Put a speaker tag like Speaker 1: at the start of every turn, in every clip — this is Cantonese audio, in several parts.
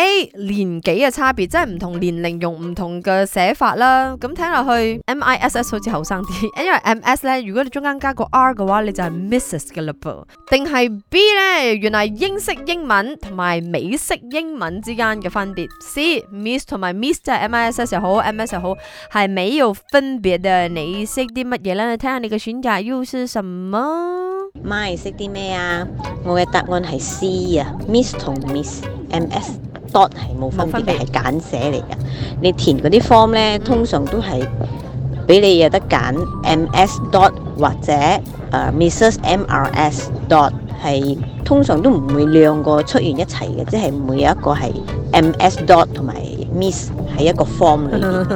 Speaker 1: A 年紀嘅差別，即係唔同年齡用唔同嘅寫法啦。咁、嗯、聽落去，M I S S 好似後生啲，因為 M S 咧，如果你中間加個 R 嘅話，你就係 Mrs 嘅啦噃。定係 B 呢？原來英式英文同埋美式英文之間嘅分別。C Miss 同埋 Mr，M I S S 又好，M S 又好，係沒有分別嘅。你識啲乜嘢咧？睇下你嘅選擇又是什麼
Speaker 2: ？My 識啲咩啊？我嘅答案係 C 啊 Miss 同 Miss，M S。dot 係冇分別嘅，係簡寫嚟嘅。你填嗰啲 form 咧，通常都係俾你有得揀，Ms dot 或者誒 Mrs. M R S dot，係通常都唔會兩個出現一齊嘅，即係每一個係 Ms dot 同埋 Miss 喺一個 form 嚟嘅。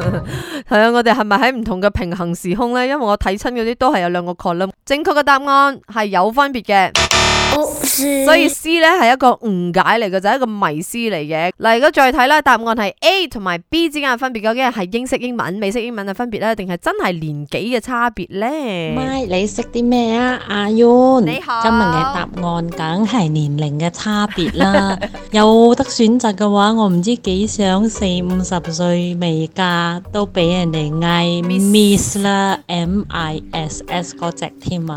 Speaker 1: 係啊，我哋係咪喺唔同嘅平行時空咧？因為我睇親嗰啲都係有兩個 column。正確嘅答案係有分別嘅。所以 C 咧，係一個誤解嚟嘅，就係一個迷思嚟嘅。嗱，如果再睇啦，答案係 A 同埋 B 之間嘅分別究竟係英式英文、美式英文嘅分別咧，定係真係年紀嘅差別咧？咪，你識啲咩
Speaker 2: 啊？阿 u n 今日嘅答案梗係年齡嘅差別啦。有得選擇嘅話，我唔知幾想四五十歲未嫁都俾人哋嗌 Miss 啦，Miss 嗰隻添啊！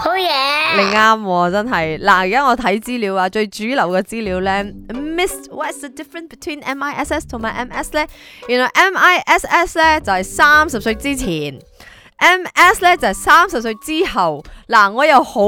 Speaker 1: 好嘢，oh yeah. 你啱喎，真係。嗱，而家我睇資料啊，最主流嘅資料呢 Miss，What's the difference between MISS 同埋 MS 呢？原來 MISS 呢就係三十歲之前，MS 呢就係三十歲之後。嗱，我又好，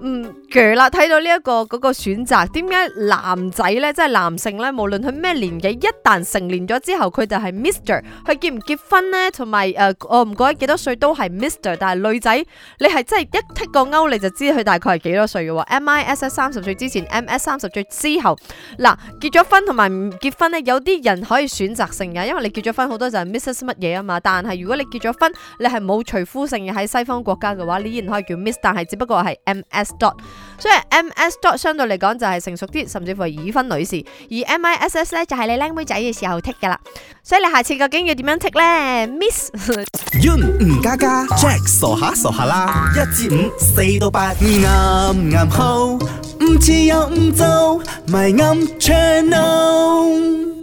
Speaker 1: 嗯。啦，睇到呢、這、一個嗰、那個選擇，點解男仔呢？即係男性呢？無論佢咩年紀，一旦成年咗之後，佢就係 Mr。佢結唔結婚呢？同埋誒，我唔得幾多歲都係 Mr。但係女仔，你係真係一剔 i 個勾你就知佢大概係幾多歲嘅喎。m i s 三十歲之前，Ms 三十歲之後，嗱，結咗婚同埋唔結婚呢，有啲人可以選擇性嘅，因為你結咗婚好多就係 m i s s 乜嘢啊嘛。但係如果你結咗婚，你係冇除夫性嘅喺西方國家嘅話，你依然可以叫 Miss，但係只不過係 Ms dot。所以 M S dot 相對嚟講就係成熟啲，甚至乎係已婚女士，而 M I S S 咧就係你靚妹仔嘅時候剔噶啦。所以你下次究竟要點樣剔咧？Miss Yun 唔加加 Jack 傻下傻下啦，一至
Speaker 2: 五四到八，啱啱唔啱好，唔似又唔做，咪啱 channel。